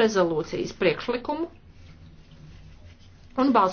rezolūcijas priekšlikumu un balsošu.